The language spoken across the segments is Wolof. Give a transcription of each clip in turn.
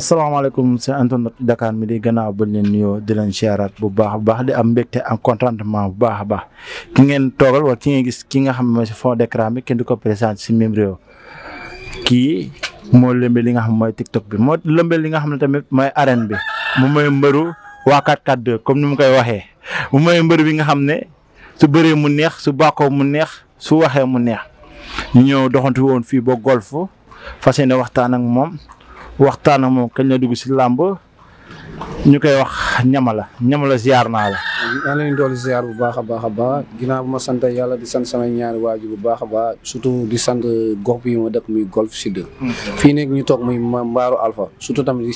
asalaamaaleykum si internet Dakar mi di gannaaw ba leen nuyoo di leen siyaaraat bu baax bu baax di am mbégte ak contentement bu baax a baax ki ngeen toogal wala ki ngeen gis ki nga xam ne mooy si fond d'écran bi kenn du ko présenté si même réew kii moo lëmbee li nga xam mooy TikTok bi moo lëmbee li nga xam ne tamit mooy arène bi mu mooy mbëru waa 442 comme ni mu koy waxee mu mooy mbër bi nga xam ne su bëree mu neex su baako mu neex su waxee mu neex ñu ñëw doxantu woon fii ba golf fas yéene waxtaan ak moom. waxtaan a moom kañ la dugg si làmb ñu koy wax ñama la ziar naa la. maa ngi leen dool ziar bu baax a baax a baax ginnaaw bu ma sant yàlla di sant samay ñaari waajur bu baax a baax surtout di sant gox bi ma dëkk muy golf mm-hmm. fii nekk ñu toog muy mbaaru alpha. surtout tamit di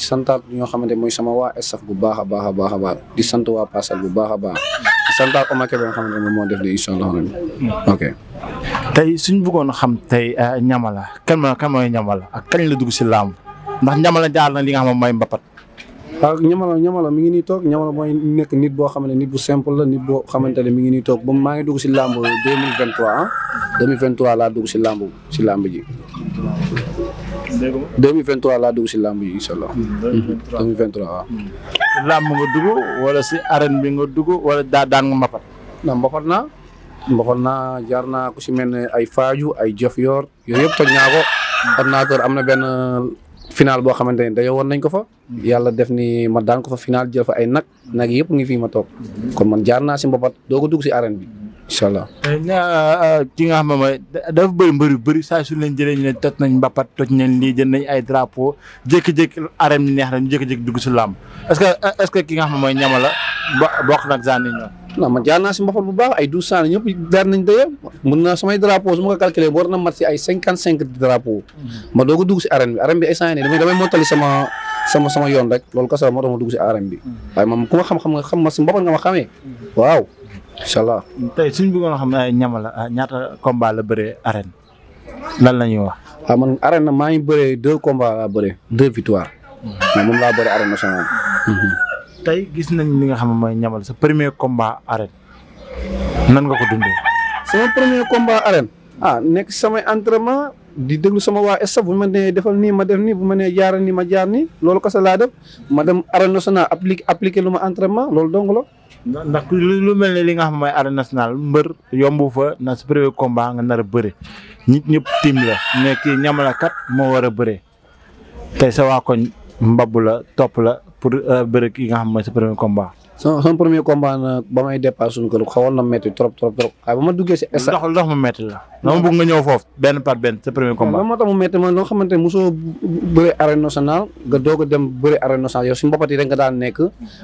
ñoo xamante mooy sama waa staff bu baax a baax a baax a baax di sant waa Passal bu baax a baax di sant ak Omake nga xamante moo def de incha allah. ok tey suñu bëggoon xam tey ñama euh, la ma kan mooy la ak kañ la dugg si làmb. ndax ñamala jaar na li nga xam ne mooy mbapat. waaw ah, mi ngi nii toog ñamala mooy nekk nit boo xam ne nit bu simple la nit boo xamante ne mi ngi nii toog ba maa ngi dugg si làmb 2023 ah 2023 laa dugg si làmb si làmb ji. dégg nga 2023 laa dugg si làmb yi incha allah. 2023 waaw. Ah. làmb wala si arène bi nga dugg wala daa daan nga mbapat. ndax mbapat naa. mbapat jaar naa ku si mel ne ay faaju ay jëf yor yooyu yëpp toj naa am na benn. final boo xamante ne dañoo woon nañ ko fa. Mm-hmm. yàlla def ni ma daan ko fa final jël fa ay nag mm-hmm. nag yëpp ngi fii ma toog. Mm-hmm. kon man jaar naa si mbapat doo ko dugg si arène bi incha allah. Eh, ah, ah, ki nga xam ne mooy dafa bëri mbër yu bëri saa su leen jëlee ñu ne toj nañ mbapat toj nañ lii jël nañ ay drapeau jékki-jékki arène neex na ñu jékki-jékki dugg si làmb est-ce que est-ce que ki nga xam ne mooy ñamala bokk nag zànni ñoom. non man jaar naa si mbaxul bu baax ay douze cent ñëpp weer nañ dayee mën naa samay drapeau su ma ko calculé war na mat si ay cinquante cinq drapeau ma doog a dugg si arène bi arène bi ay saa ne damay damay mottali sama sama sama yoon rek loolu kasa moo tax ma dugg si arène bi waaye moom ku ma xam-xam nga xam ma si mbapat nga ma xamee waaw incha allah tey suñ bëggoon xam ne ñamala ah, ñaata combat la bëree arène lan la ñuy wax waaw ah, man arène na maa ngi bëree deux combats laa bëree deux victoires hmm. moom laa bëree arène nationale hmm. tey gis nañ li nga xam ne mooy ñamal sa premier combat arène nan nga ko dundee. sama premier combat arène ah nekk samay entraînement di déglu sama waa staff bu ma nee defal nii ma def nii bu ma nee jaaral nii ma jaar nii loolu kese laa def ma dem arène nationale appliqué appliqué lu ma entraînement loolu dong la. ndax lu mel ne li nga xam mooy arène nationale mbër yombu fa na sa premier combat nga nar a bëre nit ñëpp tim la mais kii ñamalakat moo war a bëre tey sa waa koñ bu la top la pour euh, bërëg yi nga xam mooy sa premier combat. sama sama premier combat nag ba may dépassé suñu kër xawoon na métti trop trop waaye ba ma duggee si. stade ndox mu métti la. dama bëgg nga ñëw foofu benn par benn sa premier combat. waaw moo tax mu métti man loo nga doog dem bëri arène nationale yow si mbapat yi rek daan nekk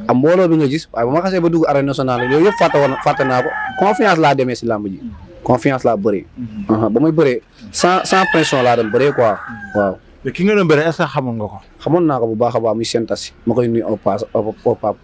am mbooloo bi nga gis waaye ba ma xasee ba dugg arène nationale yooyu yëpp fàtte naa ko confiance laa demee si làmb ji confiance laa bëree. Mm-hmm. Uh-huh, ba may bëree sans sans pression laa dem bëree quoi waaw. te ki nga doon bëre est ce xamoon nga ko. xamoon naa ko bu baax a baax muy Sentasi ma koy nuyu au pas au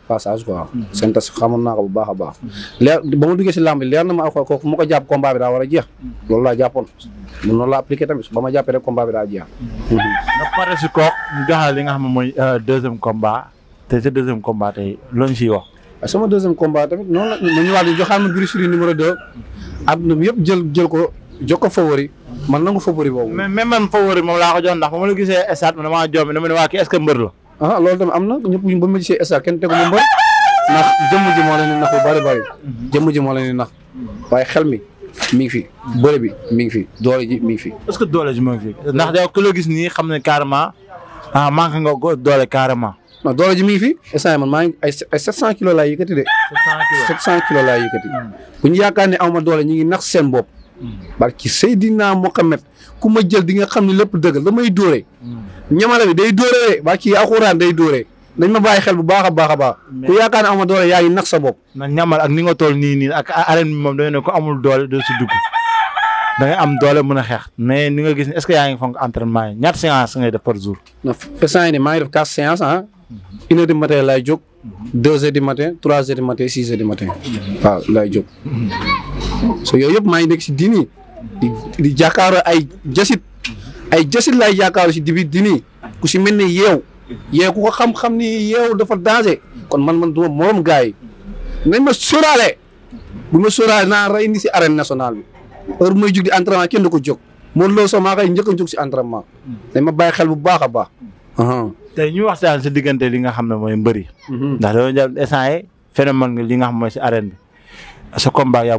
passage quoi. Mm-hmm. Sentasi naa bu baax a baax. leer ba ma duggee si làmb bi leer na ma ko kooku ma ko jàpp combat bi daa war a jeex. Mm-hmm. loolu laa jàppoon. Mm-hmm. noonu laa appliqué tamit ba ma jàppee rek combat bi daa jeex. nga pare si kooku ñu joxal li nga xam ne mooy euh, deuxième combat te sa deuxième combat tey loo ñu siy wax. Ah, sama deuxième combat tamit noonu la ñu ñëwaat ñu joxaat ma Gris numéro bi yëpp jël jël ko jox ko favori man nangu favori boobu. mais même man favori moom laa ko jox ndax la gisee stade damaa joomi dama ne waa la. ah loolu tamit am na ñëpp ñu ba ma gisee stade kenn jëmm ji moo leen di nax bu bari bari. jëmm ji moo leen nax waaye xel mi mi ngi fi bëre bi mi ngi fi doole ji mi ngi fi. est que doole ji mi ngi fi ndax yow ku gis nii xam ne carrément ah manqué nga ko doole carrément. non doole ji mi ngi fi instant man maa ay ay 700 kilos laay yëkkati de. 700 kilos 700 kilos laay hmm. bu ñu yaakaar ne aw ma doole ñu ngi nax seen bopp. barki Seydina Mohamed ku ma jël di nga xam ne lépp dëgg damay dóore. Mm. ñamala bi day dóore barki alxuraan day dóore dañ ma bàyyi xel bu baax a baax a baax. ku yaakaar ne amul doole yaa ngi nax sa bopp. nag ñamal ak ni nga toll nii nii ak arène bi moom dañu ne ko amul doole doo si dugg da am doole mën a xeex. mais ni nga gis est ce que yaa ngi fonk entraînement yi ñaata séance ngay def par jour. non instant yii nii maa ngi ah. Mm-hmm. une heure matin laay jóg. Mm-hmm. deux heures du trois heures du matin six mm-hmm. laay jóg. so yooyu yëpp maa ngi nekk si dini di di jàkkaaroo ay jasit ay jasit laay jàkkaaroo si dibi diini ku si mel ne yeew yeew ku xam-xam ni yeew dafa danger kon man man duma morom gars yi nañ ma sóoraale bu ma sóoraale naa rey ni si arène nationale bi heure bu jug di entraînement kenn du ko jog moom loolu sax maa koy njëkk a jóg si entraînement dañ ma bàyyi xel bu baax a baax. tey ñu waxtaan si diggante li nga xam ne mooy mbëri. Mhm. ndax dañoo jàpp instant yi phénomène li nga xam mooy si arène bi sa combat yaa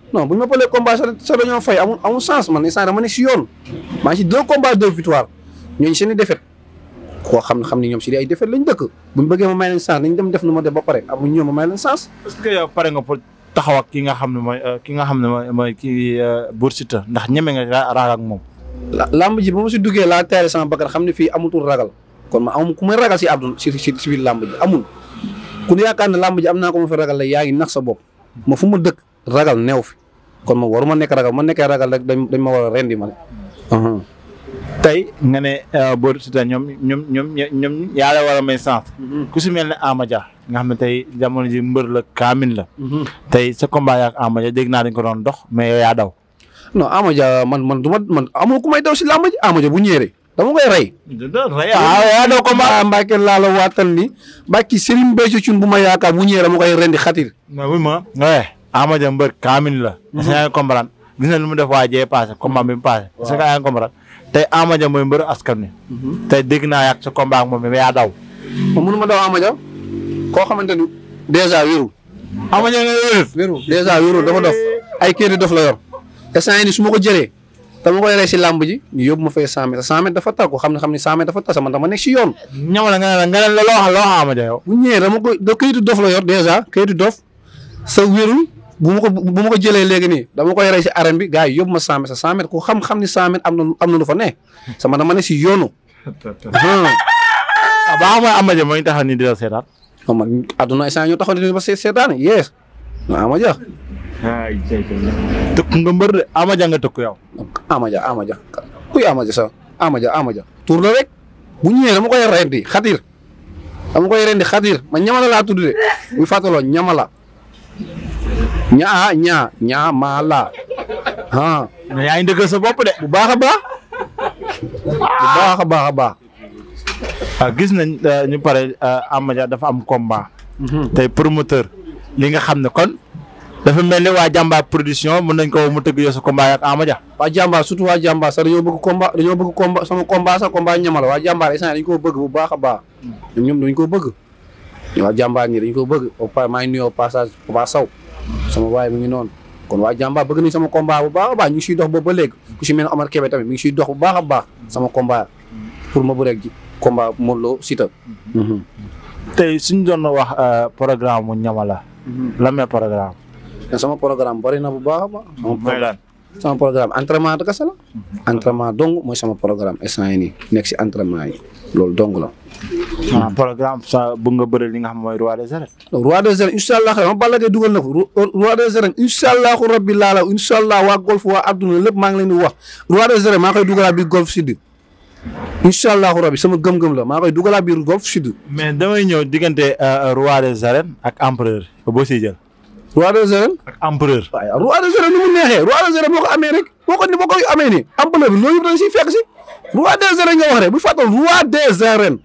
non bu ñu ma palee combat sa dañoo fay amul amul sens man instant dama ne si yoon maa ngi si deux combats deux victoire ñooñu seen i défaite koo xam xam ne ñoom si ay défaite lañ dëkk bu ñu bëggee ma may leen sens nañ dem def nu ma def ba pare amul ah, ñoom ma may leen sens. est pare nga pour taxawa ak ki nga xam ne mooy euh, ki nga xam ne mooy mooy kii euh, Bour Siteu ndax ñeme nga raag ak moom. lamb ji bu mu si duggee laa teere sama bakkan xam ne fii amatul ragal kon ma amul ku ma ragal si àdduna si si si biir lamb ji amul ku ne ne lamb ji am naa ko ma fi ragal la yaa ngi nax sa bopp ma fu ma dëkk ragal neew fi kon moom waruma ma nekkee ragal rek ma war a rendi ma ne. Uh-huh. tey nga ne uh, boo Siteu ñoom ñoom ñoom ñoom yaa la war a may sens. Uh-huh. ku si mel ne Ama Dia nga xam tey jamono ji mbër la kaamin la. Uh-huh. tey sa combat ak Ama Dia dégg ko doon dox mais yow yaa daw. non Ama Dia man ma man amoo ku may daw si làmb ji Ama Dia bu ñëwee dama koy rey. Ah, waaw yaa daw ko ma Mbacke laa la waatal ni Mbacke Serigne Béthio Thioune bu ma yaakaar bu ñëwee dama koy rendi xatir. ma. Ama Dia mbër kaamil la. Mhm. est-ce mu def waa jee passé combat bi mu passé. mbër askan wi. Mhm. tey dégg naa yàgg sa combat ak moom mais yaa daw. kon mënu ma daw Ama Dia koo xamante ni dèjà wéeru. Ama Dia nga dafa dof ay kii dof la yor instant ma ko jëlee dama koy si làmb ji ñu yóbbu ma fay 100 mètres 100 mètres xam ne xam ne 100 mètres dafa tasa nekk si yoon. ñaw la nga ne dof la yor dèjà kayitu dof bu ma ko bu ma ko jëlee léegi nii dama koy rey si arène bi gars yi yóbbu ma 100 sa 100 mètres ku xam-xam ni 100 mètres am na am na lu fa sama dama ne si yoonu. ah baax ma Ama Dia moo ñu taxaw nii di la seetaan. nga àdduna instant ñu taxaw nii ba seetaan yees waaw Ama Dia. ay tur la rek bu ñëwee dama koy rendi xatir dama koy rendi xatir ma ñamala laa tudd de bu fàttaloo ñamala. ñaa ñaa ñaa ma laa ah. mais yaa ngi dëggal sa bopp de. bu baax a baax. bu baax a baax a baax. waaw ah, gis nañ euh, ñu pare euh, Ama Dia dafa am combat. Mhm. tey promoteur li nga xam ne kon. dafa mel ni waa jàmbaar production mën nañ ko mu tëgg yoo sa combat ak Ama Dia waa jàmbaar surtout waa jàmbaar sax dañoo bëgg combat dañoo bëgg combat sama combat sax combat ñamala waa jàmbaar instant dañ koo bëgg bu baax a baax mm. ñoom ñoom dañ koo bëgg waa jàmbaar dañ koo bëgg au pas maa sama waay mi ngi noonu kon waa jàmbaar bëgg nañ sama combat bu baax a baax ñu si dox boobu ba léegi ku si mel ne Omar Kébé tamit mi ngi siy dox bu baax a baax sama komba pour ma bu rek ji combat Modou Lo Siteu mhm. tey suñ wax euh, programme mu ñamala la. Mhm. lan mooy programme. sama programme bari na bu baax a baax. sama programme entraînement de kese la. entraînement dong mooy sama programme instant yii nekk si entraînement yi loolu dong la. maanaam programme sa bu nga bëri li nga xam mooy roi des arènes. roi des arènes incha allah ma Balla Gaye dugal rabbi laala incha waa golf waa adduna lépp maa ngi leen di wax roi des arènes maa koy dugalaat biir golf sud. incha allahu rabbi sama gëm-gëm la maa koy dugalaat biir golf sud. mais damay ñëw diggante euh, roi des arènes ak empereur boo siy roi des arènes ni mu neexee roi des arènes boo ko amee rek boo ko boo ko amee nii empereur bi loolu yëpp dañ siy si roi des arènes nga wax rek bu fàttal roi des arènes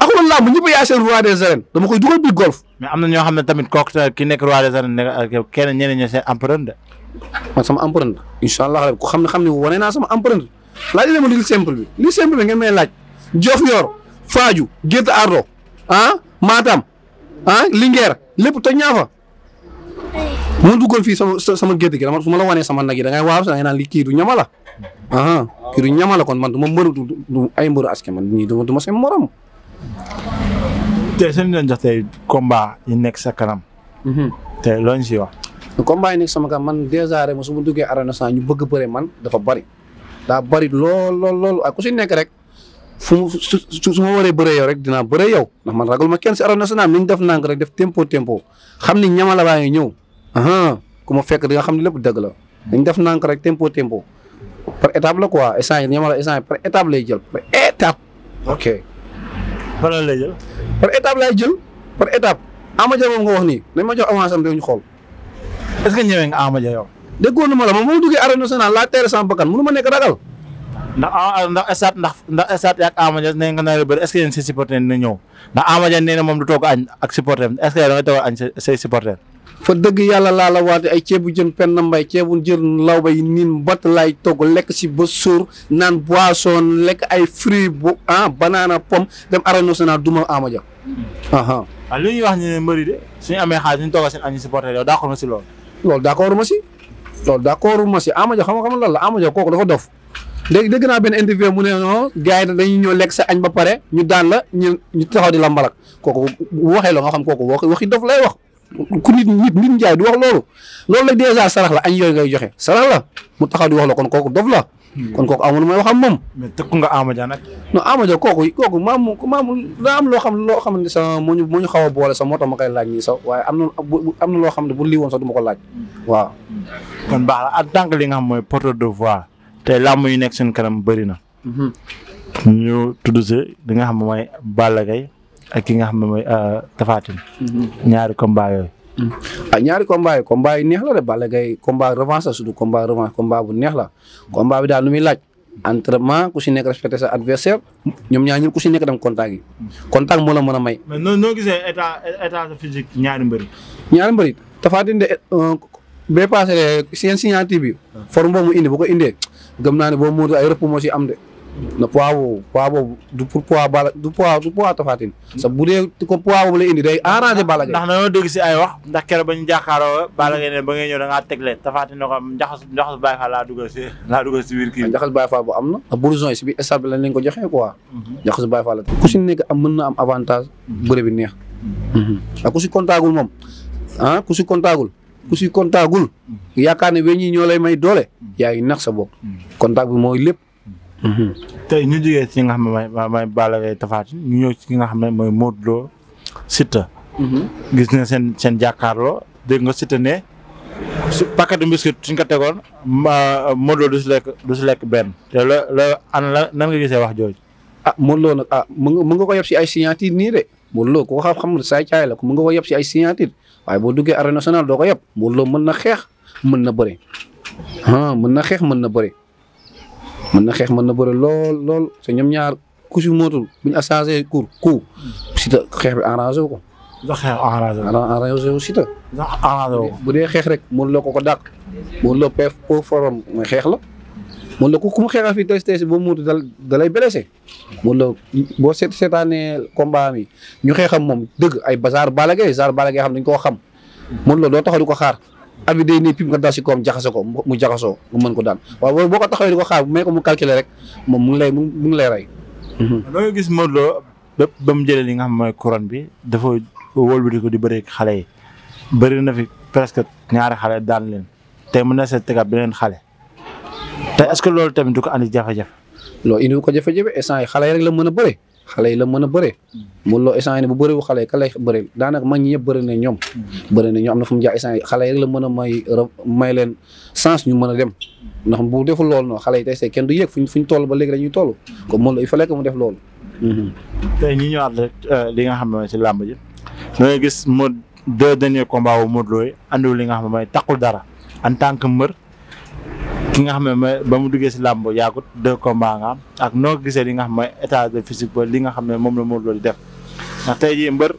axulul làmb ñëpp yaa seen roi des arènes dama koy dugal biir golf mais am na ñoo xam ne tamit kooku ki nekk roi des arènes nekk kenn ñeneen ñi seen empereur de man sama empreinte xam ne xam ne wane naa sama empreinte laaj leen ma simple bi li simple bi ngeen may laaj jof yor faaju gétt ardo ah maatam ah lingeer lépp toj bu ma duggoon fii sama sama gétt gi dama su ma la wanee sama na yi da ngay waaw sax da ngay naan li kii du ñama la ah kii du ñama la kon man du ma mbëru du ay mbëru askan man ñii du ma seen morom. tey seen ñu doon jox tey combat yi nekk sa kanam. Mhm. tey loo si wax. combat sama kanam man dèjà rek ma su ma duggee arène ñu bëgg bëre man dafa bari daa bari lool lool lool ku si nekk rek. fu mu su su ma waree bëree rek dinaa bëree yow ndax man ragal ma kenn si arène nationale ni ñu def nànk rek def tempo tempo xam ni ñamala baa ngi ñëw ku ma fekk di nga xam ne lépp dëgg la dañ def nànk rek tempo tempo par étape la quoi instant yii ñamala instant yii par étape lay jël par étape. ok par lan jël. par étape lay jël par étape Ama Dia moom nga wax nii nañ ma jox avance am dañu xool. nga Ama Dia yow. déggoon ma la ma duggee arène nationale laa teere sama bakkan mënu ma nekk ragal. Ah, ah, ndax ndax esaat ndax ndax esaat yaak Ama Dia ne nga nar a bëri est-ce que si supporter na ñëw ndax Ama Dia nee na moom du toog añ ak supporter est-ce fa dëgg yàlla laa la waate ay ceebu jën penn mbay ceebu jën law bay niin bat laay togg lekk si ba suur naan boisson lekk ay fruits bu ah banaana pomme dem arène nationale duma Ama Dia waaw ah, li ñuy wax ne mbëri de suñu amee xaalis suñu togga seen añu supporter yow d'accord ma si loolu loolu d'accord ma si loolu d'accord ma si Ama xam nga xam lan la Ama kooku dafa dof léegi dégg naa benn interview mu ne non gars yi dañuy ñëw lekk sa añ ba pare ñu daan la ñu ñu taxaw di la kooku bu waxee la nga xam kooku wax waxi dof lay wax ku nit nit nit njaay du wax loolu loolu la dèjà sarax la añ yooyu ngay joxe sarax mu taxaw di wax la kon kooku dof la. Hmm. kon kooku amul may wax am moom. mais tëkku nga Amadia nag. non Amadia kooku kooku maamu maamu daa am loo xam loo xam ne sa moo ñu moo ñu xaw a boole sa moo tax ma laaj nii sax waaye am na am na loo xam ne bu lii woon sax du ma ko laaj waaw. kon baax na en tant que nga xam mooy porte de voix te làmb yu nekk suñu kanam bëri na. Mhm. ñu tudd si li nga xam ne mooy gay Gaye ki nga xam ne mooy euh, Tapha mhm. ñaari combat mhm. ah, ñaari combat yi combat yi neex la de Balla Gaye combat revanche bu neex la combat bi daal lu muy laaj. entraînement ku si nekk respecté sa adversaire ñoom ñaar ku si nekk dem contact yi contact moo la mën a may. mais noo noo gisee état état physique ñaari mbëri. ñaari mbëri Tapha Tine de euh, bee paase euh, seen signature bi. forme boobu mu indi bu ko indee gëm naa ne boobu moo ay rëpp moo si am de. na poids boobu poids boobu du pour poids du poids du poids Tapha Tine. sa bu dee ko poids boobu la indi day arrangé Balla Gaye. ndax dañoo dégg si ay wax ndax keroog ba ñu jàkkaaroo Balla Gaye ba ngay ñëw da ngaa teg leen Tapha Tine ne ko njaxas njaxas Baye Fall laa dugal si laa dugal si biir kii. am na. ak bourgeois si biir stade bi lañ leen ko joxee quoi. Mhm. njaxas Baye Fall la ku si nekk am mën na am avantage. Mhm. bëre bi neex. Mhm. ak ku si kontaagul moom ah ku si kontaagul. ku si kontaagul yaakaar ne weñ yi ñoo lay may doole yaa ngi nax sa bopp contact bi mooy lépp. te ñu jógee si nga xam ne mooy mooy Balla Gaye Tapha Tine ñu ñëw si nga xam ne mooy Modou Lo gis na seen seen jàkkaarloo dégg nga Siteu ne su paquet biscuit suñ ko tegoon Modou Lo du si lekk du si lekk benn te la la an la nan nga gisee wax jooju. ah Modou Lo nag ah mu nga ko yeb si ay signature nii de Modou Lo ku ko xam-xam saa caay la ku mu nga ko yeb si ay signature waaye boo duggee arène nationale doo ko yab loo Lo mën na xeex mën na bëri ah mën na xeex mën na bëri mën na xeex mën na bëri lool lool te ñoom ñaar ku si mootul bu ñu changé cour coup xeex bi arrangé wu ko. ndax xeex arrangé wu arrangé ndax arrangé bu dee xeex rek Modou loo ko ko dàq Modou Lo peef po forom mooy xeex la. Modou Lo ku mu xeexal fii test test ba mu mutu dal dalay blessé Modou Lo boo seet seetaanee combat mi ñu xeexam moom dëgg ay basaar Balla Gaye saar Balla Gaye xam dañ ko xam Modou Lo doo taxaw ko xaar abi day ne pim nga dal si koom jaxase ko mu jaxasoo nga mën ko daan waaw boo ko taxawee di ko xaar bu mu calculer rek moom mu ngi lay mu ngi lay rey. Mhm. loo gis Modou Lo ba mu jëlee li nga xam mooy couronne bi dafa wëlbati ko di bëri xale yi bëri na fi presque ñaari xale daal leen te mën na seet tegaat beneen xale. te est ce que loolu tamit du ko andi jafe-jafe. loolu indi ko jafe-jafe instant yi xale yi la mën a bëre xale yi la mën a bëre. Modou Lo instant yi bu bëre wu xale yi ka lay bëre daanaka mag ñi fu mu jaar instant yi xale yi rek la mën a may leen chance ñu mën a dem. ndax bu deful loolu noonu xale yi tey see kenn du yëg fuñ fuñ toll ba léegi la ñuy toll. kon Modou Lo il fallait que mu def loolu. Mhm. tey ñu ñëwaat rek euh, li nga xam ne mooy si làmb ji. da ngay gis Modou deux derniers combats wu Modou Lo yi andiwul li nga xam ne mooy takkul dara en tant que ki nga xam ne mooy ba mu duggee si làmb yàggut deux combats nga am ak noo gisee li nga xam li nga xam ne moom la Modou Lo di def ndax tey jii mbër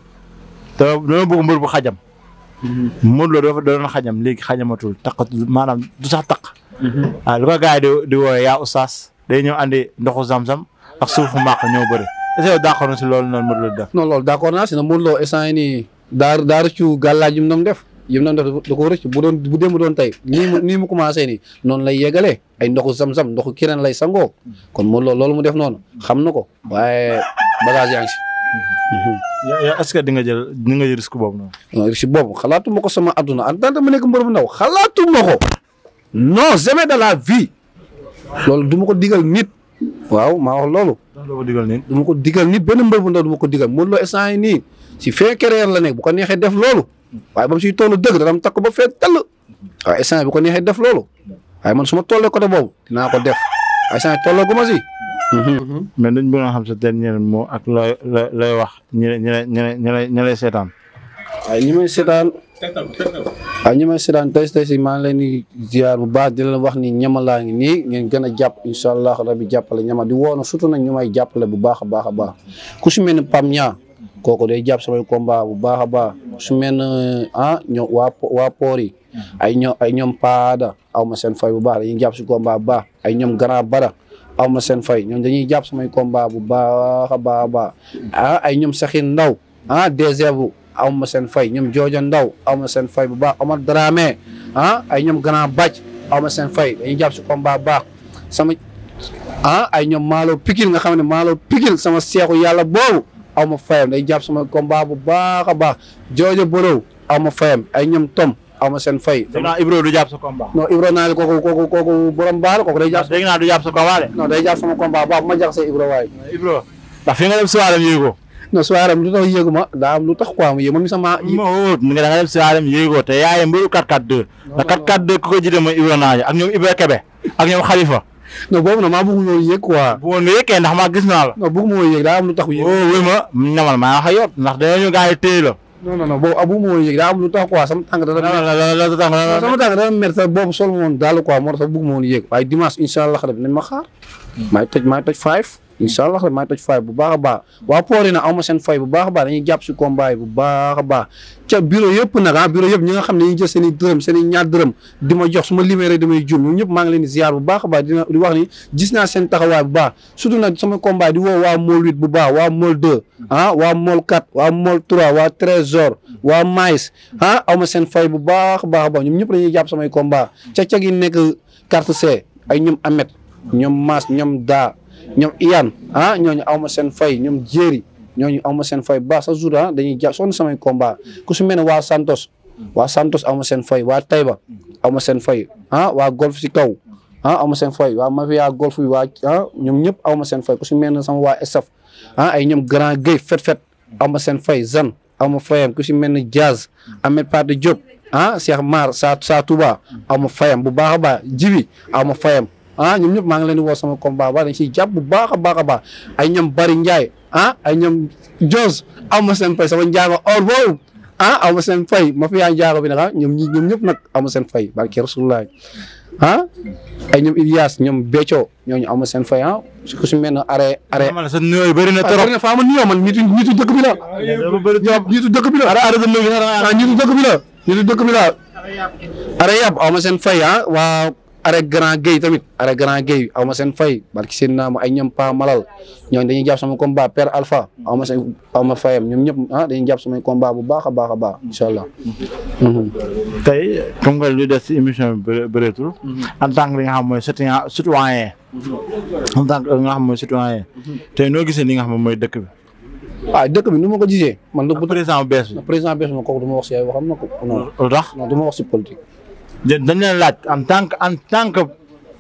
te dañoo bëgg mbër bu xajam. Modou Lo dafa doon xajam léegi xajamatul taq maanaam du sax taq. waaw mhm. ah, lu ko gars di di woowee yaa oustaz day ñëw andi ndoxu zamzam ak suufu mbaq ñoo bëri est-ce que d'accord si lool no Modou Lo di def. non loolu d'accord naa si ne Modou Lo instant yii daar daar ci gàllaajum na def. yim doon def da ko rëcc bu doon bu démb doon tey nii mu nii mu nii noonu lay yegalee ay ndoxu zam-zam ndoxu keneen lay sangoo kon mo loolu mu def noonu xam na ko waaye bagage yaa ngi que di nga jël di nga jël boobu boobu xalaatu ma ko sama adduna en tant que nekk mbër bu ndaw xalaatu ma ko non jamais la vie loolu du ma ko digal nit. waaw maa loolu. ko digal nit. ko digal nit benn mbër bu ndaw du ma ko digal mënuloo instant yii nii si fin la nekk bu ko neexee def loolu. waaye ba mu siy toll dëgg dana takk ba fee tell waaye bi ko neexee def loolu waaye man su ma tollee côté boobu naa ko def waaye instant tolloo gu ma si. mais dañ bëgg a xam sa dernier mot ak looy looy wax ñu ne ñu ne lay seetaan. waaye ñi may seetaan. waaye ñi may seetaan tey si maa ngi leen di ziar bu baax di leen wax ni ñama laa ngi nii ngeen gën a jàpp incha allah rabi jàppale ñama di woon surtout nag ñu may jàppale bu baax a baax a baax ku si mel ni PAM ñaa kooku day jàpp samay combat bu baax a baax su mel ne ah ñoom waa waa yi mm-hmm. ay ñoom ay ñoom paada aw ma seen fay bu baax dañuy jàpp si combat bu baax ay ñoom grand bara aw ma seen fay ñoom dañuy jàpp samay combat bu baax a baax a ah ay ñoom saxin ndaw ah désert aw ma seen fay ñom jooja ndaw aw ma seen fay bu baax Omar Dramé ah ay ñoom grand bàcc aw ma seen fay dañuy jàpp si combat baax sama ah ay ñoom maalo pikil nga xam ne maalo pikil sama seexu yàlla boobu aw ma fayam day jàpp sama komba bu baax a baax joojo borow aw ma fayam ay ñoom tom aw ma seen fay. dégg naa Ibro du jàpp ko combat. non Ibro naa ko ko kooku kooku borom baal kooku day jàpp. dégg naa du jàpp sa combat de. non day jàpp sama combat baax bu ma jaxasee Ibro waaye. Ibro ndax fi nga dem soirée am ma daa mu yéegu ma mi sama. ma wóor nga da nga dem soirée am yéegoo te yaayee mbiru 4-4-2. non non te 4-4-2 ku ko Ibro naa ak ñoom Ibro Kebe ak ñoom Khalifa non boobu nag maa bëgg moo yëg quoi. boo ma yëg kay ndax maa gis naa la. non bëgg moo yëg daa am lu tax. yëg wóo oh, wóo ma ñamal maa wax ak yow ndax dañoo gars yi téye la. non non non boobu abu ah, moo yëg daa am lu tax quoi sama tànk dana. dana sama tànk dana mer sax boobu sol ma woon daal quoi moo tax bëgg ma woon yëg. waaye dimanche incha allah nañ ma xaar. maay hmm. toj five incha allah maa toj fay bu baax a baax waa poori na aw ma seen fay bu baax a baax dañuy jàpp si combat yi bu baax a baax ca bureau yëpp nag ah bureau yëpp ñi nga xam ne ñu jël seen i dërëm seen i ñaar dërëm di ma jox su ma limee rek damay jur ñoom ñëpp maa ngi leen di ziar bu baax a baax dina di wax ni gis naa seen taxawaay bu baax surtout nag sama combat di woo waa mool 8 bu baax waa mool 2 ah waa mool 4 waa mool 3 waa trésor waa mais ah aw ma seen fay bu baax a baax a baax ñoom ñëpp dañuy jàpp samay combat ca ca gi nekk carte C ay ñoom Amet ñoom Mas ñoom Da ñoom iyaan ah ñooñu aw ma seen fay ñoom jéeri ñooñu aw ma seen fay ba sa jour dañuy ja sonn samay combat ku su mel ne waa Santos waa Santos aw ma seen fay waa Taïba aw ma seen fay ah waa golf si kaw ah aw ma seen fay waa ma mafia golf bi waa ah ñoom ñëpp aw ma seen fay ku mel ne sama waa estaf ah ay ñoom grand gueye fet-fet ma seen fay zan aw ma ku si mel ne Diaz Ahmed Pate Diop ah Cheikh Mar sa sa Touba aw ma fayam bu baax a baax jibi aw ma fayam ah ñoom maa ngi leen di woo sama combat ba dañ siy jàpp bu baax a baax a baax ay ñoom bari njaay ah ay ñoom jos aw ma sen fay sama njaago or boobu ah, aw ma seen fay ma fi yaa njaago bi nag ah ñoom ñi ñoom ñëpp nag aw ma seen fay barke rasulullah ah ay ñoom Ilias ñoom Bécco ñooñu aw ma seen ah. na ah, trop faa ma nuyoo man nitu dëkk bi la. aw ma seen fay ah arrêt grand gueye tamit arrêt grand gueye aw ma seen fay barki seen naa ma ay ñoom pa malal ñooñu dañuy jàpp sama combat père alpha aw ma seen aw ma fayam ñoom ñëpp ah dañuy jàpp samay combat bu baax a baax a baax incha allah mhm. tey comme lu des si émission bi bëreetul en tant que nga xam mooy citoyen en tant que li nga xam mooy citoyen mhm. mhm. tey noo gisee ni nga xam mooy dëkk bi a ah, dëkk bi nu ma ko gisee man président bees bi président ma kooku du ma wax si ay waxam na tax non du ma wax si dañ leen laaj en tant que en tant que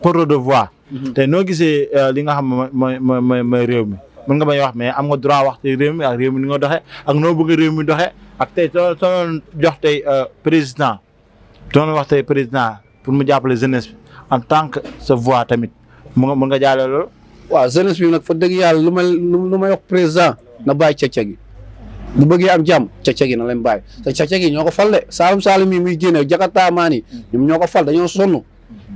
porte de voix. Mhm. tey noo gisee euh, li nga xam mooy mooy mooy réew mi mën nga may wax mais am nga droit wax réew mi a réew mi ni nga doxee ak noo bëgg réew mi doxee ak tey soo soo jox tey euh, président doon wax te président pour mu jàppale jeunesse bi en tant que sa voix tamit mu nga mën nga jaale loolu. waa jeunesse bi nag fa dëgg yàlla lu may lu may wax président na bàyyi ceg gi bu bëggee am jàmm càq-càq yi na leen bàyyi te càq-càq yi ñoo ko fal de saalum saalum yi muy génne jakataa maan yi ñoom ñoo ko fal dañoo sonn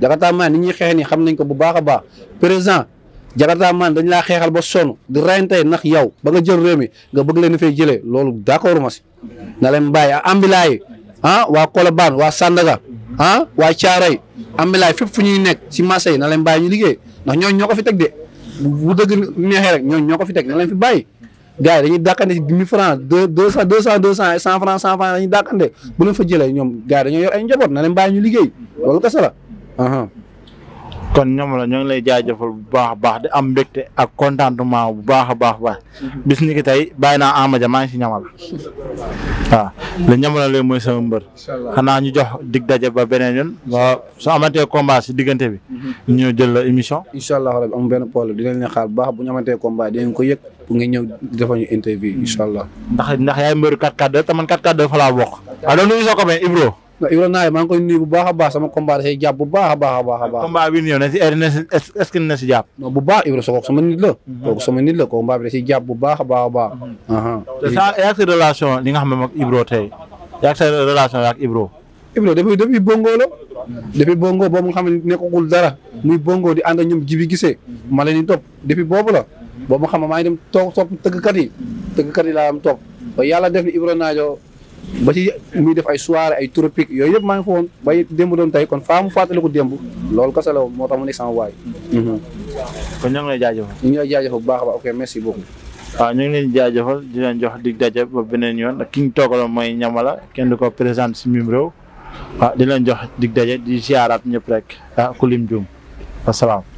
jakataa maan ni ñuy xeex ni xam nañ ko bu baax a baax président jakataa maan dañ laa xeexal ba sonn di reyante nax yow ba nga jël réew mi nga bëgg leen fay jëlee loolu d'accord ma si na leen bàyyi ah ambilaay ah waa Colobane waa Sandaga ah waa Thiaroye ambilaay fépp fu ñuy nekk si marché yi na leen bàyyi ñu liggéey ndax ñooñu ñoo ko fi teg de bu dëgg neexee rek ñooñu ñoo ko fi teg na fi bàyyi gars yi dañuy dàqante ci mille francs deux deux cent deux cent deux cent et cent francs cent francs dañuy dàqante fa jëlee ñoom gars yi dañoo yor ay njaboot na ñu liggéey loolu kese la kon ñoom la ñoo ngi lay jaajëfal bu baax a baax de am mbégte ak contentement bu baax a baax baax mhm. bis ni ki tey bàyyi naa Amadia maa ngi si ñamal waaw li ñamala lee mooy sama mbër xanaa ñu jox dig daje ba beneen yoon waaw su amantee combat si diggante bi mhm. ñu jël la émission incha allah rabbi amul benn problème dinañ leen xaar bu baax bu ñu amantee combat dinañ ko yëg pour nga ñëw dafa ñu interview incha allah ndax ndax yaay mbër 4-4-2 te man 4-4-2 fa laa Ibra Naay maa ngi koy bu baax a baax sama combat dafay jàpp bu baax a baax a si est-ce que na si jàpp bu baax Ibra Sow sama nit la kooku nit la kooku si jàpp bu baax a baax a baax sa yaag sa relation li nga xam ne moom Ibro tey yaag sa relation yaag Ibro Ibro depuis bongo la depuis bongo boobu nga xam ne nekkagul dara muy bongo di ànd ak jibi gisee ma leen di topp depuis boobu la boobu nga xam ne maa ngi dem toog topp tëggkat yi tëggkat yi laa am topp ba yàlla def ni Ibro Naajo ba ci muy def ay soirée ay tropique yooyu yëpp maa ngi fa woon ba démb doon tey kon faa mu fàttali ko démb loolu kese la moo tax mu nekk sama waay. Mhm. kon ñoo ngi lay jaajëfal. ñu ngi lay jaajëfal bu baax a ok merci beaucoup. a ñu ngi leen di leen jox dig daje ba beneen yoon ki ñu toogaloon mooy ñamala kenn du ko présenté si mim réew waaw di leen jox dig daje di ziaraat ñëpp rek a ku lim juum wasalaam.